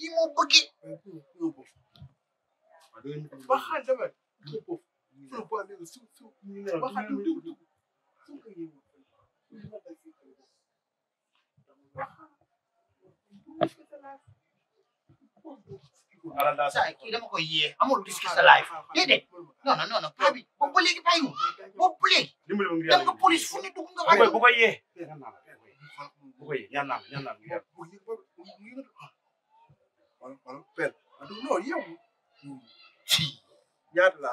kii moo bëggee. waxaan dama saa kii dama koy yee amul risque sa life déedéet non non non paa bi boobu ba léegi bàyyiwul boobu ba léegi dem nga police fu ne dugg nga bu ko yee bu ko yee ñaan naa ñaan naa non yow. ñaata la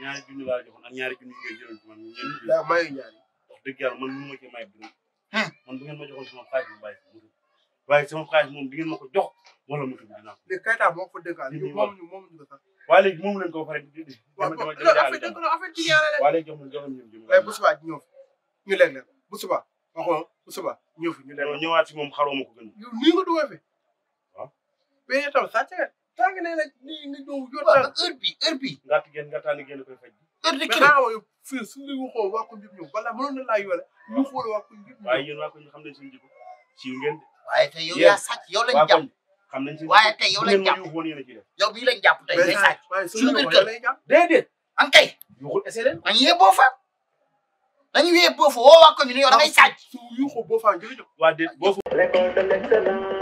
ñaari junni laa joxoon ak ñaari junni ngeen jëloon ci man. daa mayu ñaari. wax dëgg yàlla man mënu ma ci may dërëm. Hmm. man bu ngeen ma joxoon sama xaalis ma bàyyi ko waaye sama moom di ngeen ma ko jox wala mu tudd dinaa ko. mais Kayita moo moom ñu moom ñu moom lañ ko fa rek. waaw non affaire dëgg la affaire jigéen la waaye léegi joxoon joxoon ñun jëm. waaye bu subaa ñu lekk leen bu subaa waxoon bu subaa ñëw fi ñu lekk leen. ñëwaat si moom xaroo ko gën. yow nii tàng nee na nii nga ñëw yor naa heure bi heure bi nga tànn nga tànn génn koy faj. heure de kii mais fii suñu la waxoo waa ko njëb ñëw wala na laa yore ñu xool waa ko njëb ñëw. waaye ci ngeen. waaye tey yow yaa sàcc yow lañ jàpp xam nañ suñu waaye tey yow lañ jàpp yow bii lañ jàpp tey ngay sàcc suñu biir kër déedéet yow da ngay sàcc su yuuxu boo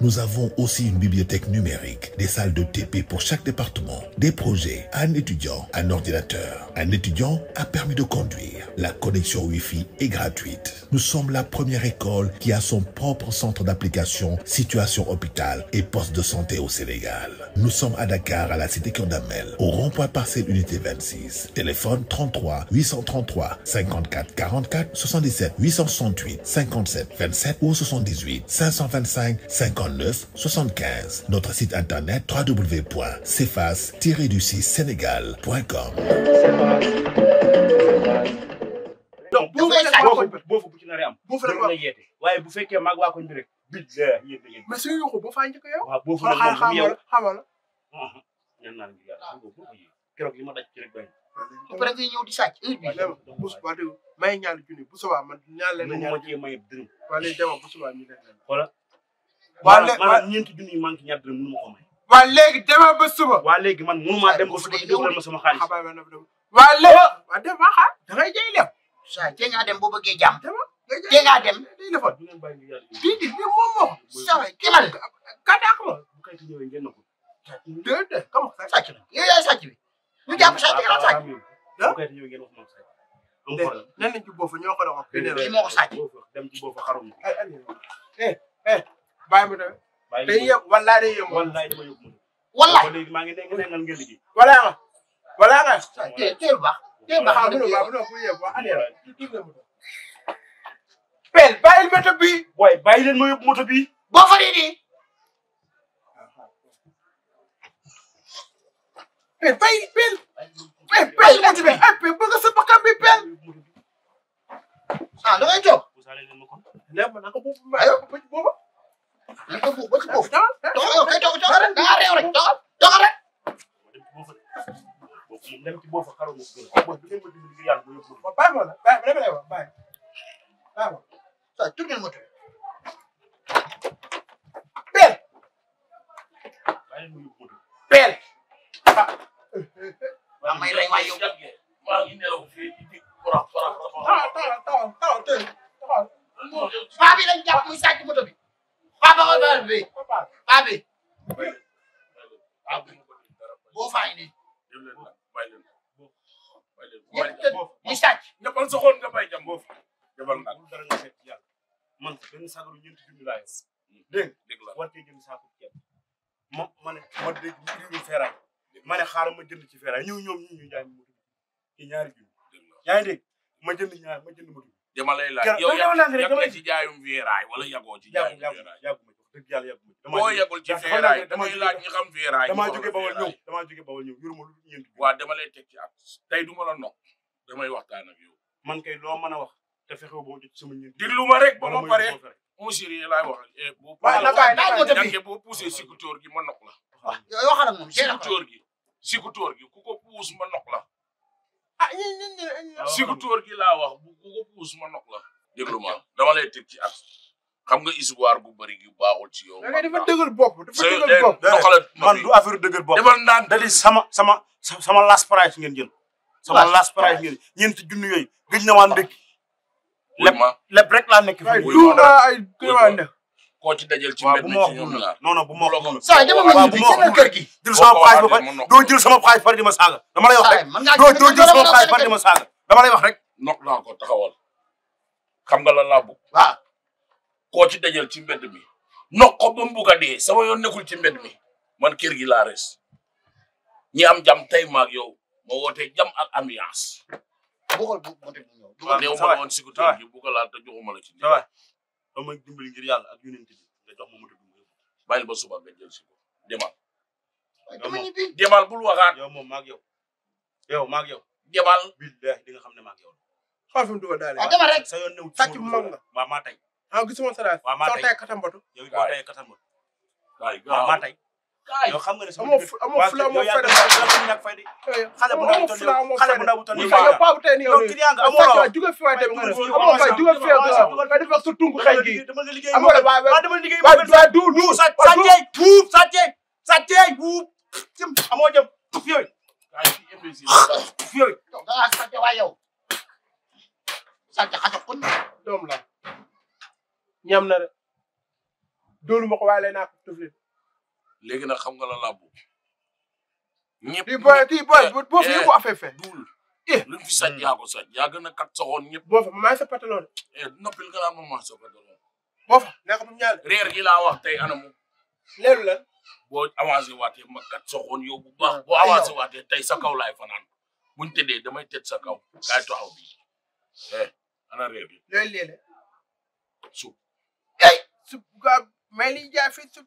nous avons aussi une bibliothèque numérique, des salles de TP pour chaque département, des projets, un étudiant, un ordinateur, un étudiant, un permis de conduire. La connexion Wi-Fi est gratuite. Nous sommes la première école qui a son propre centre d'application, situation hôpital et poste de santé au Sénégal. Nous sommes à Dakar, à la cité Kondamel, au rond-point parcelle unité 26. Téléphone 33 59 75. Notre site internet www.cefas-sénégal.com. donc bu boo fa bu ci naree am. boo fa la yeete waaye bu fekkee mag waa koñ bi rek. bi mais suñu yuuxu boo faa njëkk yow. waaw boo fa la moom yow xamal la keroog li ma daj ci rek doy na. ba ñëw di sàcc heure bii. bu subaa dégg may ñaari junni bu subaa man ñaan leen. ñaari junni ma cee maye dërëm. waa léegi dama bu subaa ñu leen. voilà. waa léegi maanaam ñeenti junni yu manqué ñaar dërëm mënu ma ko may. waa léegi demal ba suba. waa léegi man mënu maa dem ba suba di dugal ma sama xaalis. waa léegi. Oh! waa dem ba xaar dem. saa tee ngaa dem boo bëggee jàmm. tee ngaa dem. di di moom moo ko. saa waay demal. kàddaa ko. déedéet xam nga sàcc na yow yaay sàcc bi. ñu jàpp sàcc yi lan sàcc. nee ñoo ko doon wax. kii moo ko sàcc. bàyyi ma tamit. bàyyi day yem walaay day yem. walaay dama yóbbu walaay. léegi maa ngi dégg ne nga ngeen liggéey. walaay nga walaay nga. tey tey baax tey baax a munoo baax munoo yem waaw allé la. pelle bàyyi moto bi. booy bàyyi leen ma yóbbu moto bi. boo fa nii nii. pelle bàyyi pelle. pelle pelle laaj bi ah eh, pelle bëgg sa bakkan bi pelle. ah da ngay jóg. léegi ma naka boobu ma aywa boobu. li ko buuf ba ci buuf. rek daa rek toog toog rek. dem a booy moto bi peel bàyyi may rey waay man benn saako ñeenti junni laa yor. Hmm. dégg nga dégg laa war cee jënd ma ma ne ma dégg ñu feeraay ma ma jënd ci feeraay ñëw ñoom ñu ñu jaay ma ci ñaari junni. yaa ngi dégg ma jënd ñaar ma jënd ma tudd. dama lay laaj yow yàgg nga ci jaayum feeraay wala yàggoo ci jaayum feeraay. yàggu ma jox dëgg yàlla yàggu ma jox. boo yàggul damay laaj ñi xam feeraay. damaa jóge bawal ñëw damaa jóge bawal ñëw yoruma lu ñeent. waaw dama lay teg ci at tey du ma la nokk damay waxtaan ak yow. man kay loo mën a wax te fexe boo jot sama ñun. déglu ma rek ba ma pare monsieur yi laay wax. Eh, waaw gi ma noq la. waaw yoo xam ne moom gi. sikutóor gi ku ko ma noq la. ah yéen ah, laa wax bu ma noq la. déglu ma dama lay ci at. xam nga histoire bu bëri gi baaxul ci yow. da dafa dëgër bopp dafa dëgër eh, bopp. man du affaire dëgër bopp. defal sama sama sama last price ngeen jël. sama ngeen ñeenti junni yooyu gëj na waa ndëkk lépp lépp rek laa nekk fii. duuna ay kéemaane. koo ci dajale ci mbedd mi ci ñoom ñaar non non bu ma waxoon. saa dama ma indi seen kër gi. jël sama xaalis ba pare doo jël sama xaalis par di ma saaga. dama lay wax rek doo doo jël sama xaalis par di ma saaga dama lay wax rek. nok naa ko taxawal xam nga lan laa bëgg. waaw koo ci dajale ci mbedd mi. nok ko ba mu bugg a dee sama yoon nekkul ci mbedd mi man kër gi laa res ñi am jàmm tey maag yow ma wootee jàmm ak ambiance. bu xool bu bu teg ñëw. waaw néew ma woon si ku tey jii bu ko laal te joxuma la ci. ça va dama dimbali ngir yàlla ak yonent bi nga jox ma moto bi mu bàyyil ba suba nga xam ne maag yow. fi mu dugal daal. waaw ah, dama rek sa yoon néew sàcc mu mag nga. waaw maa tey. Ah, yow xam nga ne sama amoo fula amoo fere ñàkk fay di xale bu ndaw bu toll yow xale bu ndaw bu toll yow yow paa bu tey nii yow yow juge fi waay tamit amoo fay juge fi waay nga def ak sa tunku xëy gi amoo la waay waay waay du du sa sa jeej tuub sa jeej sa jeej tuub sim amoo jëm tuuf yooyu tuuf yooyu dangaa sàcce waay yow sàcce xajo kun doom la ñam na de doolu ma ko waaye lay naa ko tuflit léegi nag xam nga la làbbu. ñëpp di booy di booy eh, boo fi eh, yëngu affaire fee. duul eh. lu fi sañ yaa ko sañ yaa gën a kat soxoon ñëpp. boo fa maa sa pantalon. noppil nga naan ma maa sa pantalon. boo fa ne ko mu ñaar. reer gi laa wax tey anamu. leeru la. boo avancé waatee ma kat soxoon yow bu baax ah, boo avancé tey sa kaw fanaan buñ tëddee damay tëdd sa kaw kaay taxaw bi eh ana reer gi. may li jaay fii suuf.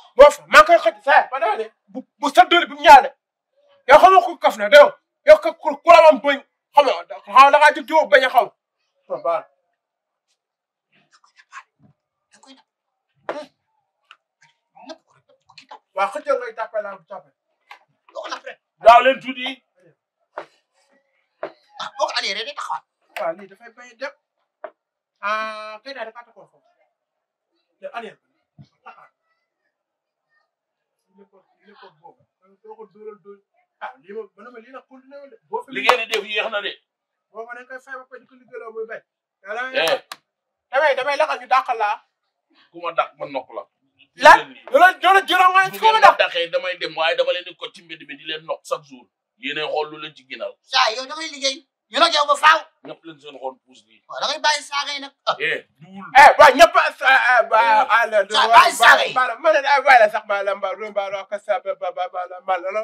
moo fa maa ngi koy xoj saa ba naa ne bu bu sa dóor bi mu ñaale yow xam nga ku kaf na dégg nga yow ku ku la am bañ xam nga xaw da ngaa jëm ci bañ a xaw baal waaw xëjoo ngay tàppe laa bu tàppe daaw leen tuuti ah boo ko alee rek day taxawaat waaw lii dafay bañ a dem ah kay daal da kaa taxaw foofu nekkoon nekkoon boobu doo ko dóoral dóor ah lii ma ma ne ma de. boo fi li ngeen di def yéex na de. boo ma ne koy fay ba pare di ko liggéeyaloo muy damay damay lakal ñu dàqal ma dàq ma nokk la. lan loolu loolu juróom nga ci ku ma dàq. damay dem waaye dama leen di ko ci mbedd bi leen nokk chaque jour. yéenay xool lu leen ci ginnaaw. saa yow da ngay liggéey. ñu rajo ba faaw. ñëpp leen seen xol puus bi. waaw da ngay bàyyi saaga yi nag. eh duul. eh waaw ñëpp a sa ba àll. sa bàyyi saaga yi. ma ne la bàyyi la sax ma la mba ba ba ba la ma la.